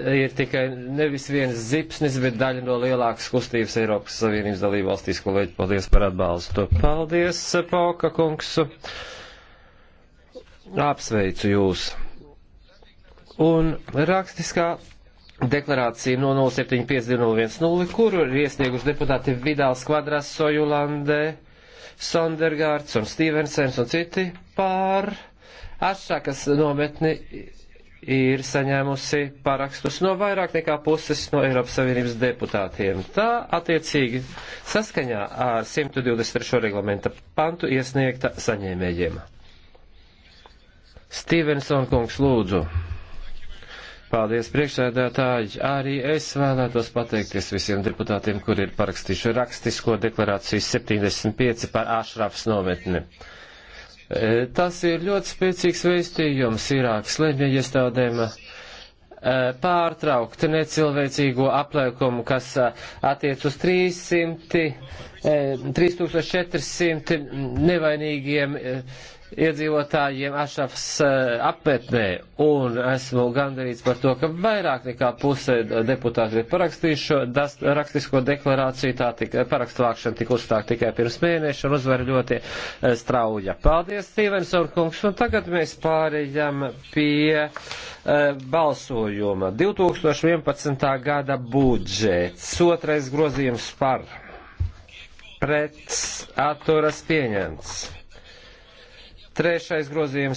ir tikai nevis viens zipsnis, bet daļa no lielākas kustības Eiropas Savienības dalībvalstīs. Kolēģi, paldies par atbalstu. Paldies, Pauka kungs. Apsveicu jūs. Un rakstiskā deklarācija no 075010, kuru ir iesnieguši deputāti Vidāls Kvadrās, Sojulandē, Sondergārds un Stevensens un citi pār Ašakas nometni ir saņēmusi parakstus no vairāk nekā puses no Eiropas Savienības deputātiem. Tā attiecīgi saskaņā ar 123. reglamenta pantu iesniegta saņēmējiem. Stevenson kungs lūdzu. Paldies priekšsēdētāji. Arī es vēlētos pateikties visiem deputātiem, kuri ir parakstījuši rakstisko deklarāciju 75 par Ašrafs nometni. E, tas ir ļoti spēcīgs veistījums Irākas lēmēja iestādēm e, pārtraukt necilvēcīgo aplēkumu, kas e, attiec uz 300, 3400 nevainīgiem iedzīvotājiem Ašafs eh, apmetnē, un esmu gandarīts par to, ka vairāk nekā puse deputāti ir parakstījuši šo das, rakstisko deklarāciju, tā tika, parakstu vākšana tika uzstāk tikai pirms mēneša, un uzvara ļoti eh, strauja. Paldies, Stevenson kungs, un tagad mēs pārējām pie uh, balsojuma. 2011. gada budžets, otrais grozījums par, pret, atturas pieņemts. Trešais grozījums